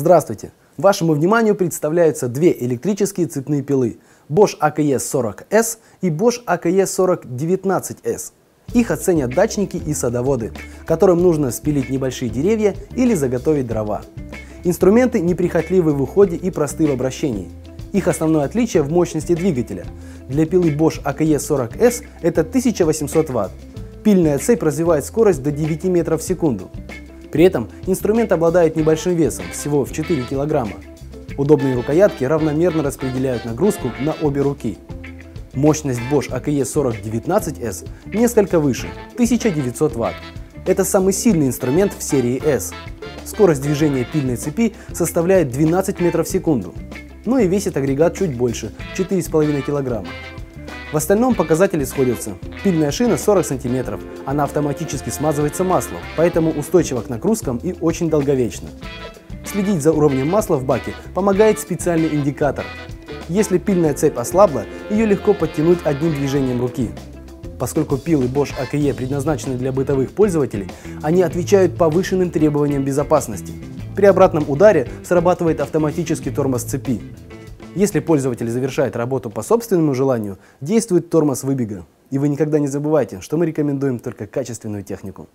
Здравствуйте! Вашему вниманию представляются две электрические цепные пилы Bosch AKS 40 e s и Bosch AKE4019S. Их оценят дачники и садоводы, которым нужно спилить небольшие деревья или заготовить дрова. Инструменты неприхотливы в уходе и просты в обращении. Их основное отличие в мощности двигателя. Для пилы Bosch AKS 40 e s это 1800 Вт. Пильная цепь развивает скорость до 9 метров в секунду. При этом инструмент обладает небольшим весом, всего в 4 килограмма. Удобные рукоятки равномерно распределяют нагрузку на обе руки. Мощность Bosch AKE 4019S несколько выше – 1900 Вт. Это самый сильный инструмент в серии S. Скорость движения пильной цепи составляет 12 метров в секунду. Ну и весит агрегат чуть больше – 4,5 килограмма. В остальном показатели сходятся. Пильная шина 40 см, она автоматически смазывается маслом, поэтому устойчива к нагрузкам и очень долговечна. Следить за уровнем масла в баке помогает специальный индикатор. Если пильная цепь ослабла, ее легко подтянуть одним движением руки. Поскольку пилы Bosch AKE предназначены для бытовых пользователей, они отвечают повышенным требованиям безопасности. При обратном ударе срабатывает автоматический тормоз цепи. Если пользователь завершает работу по собственному желанию, действует тормоз выбега. И вы никогда не забывайте, что мы рекомендуем только качественную технику.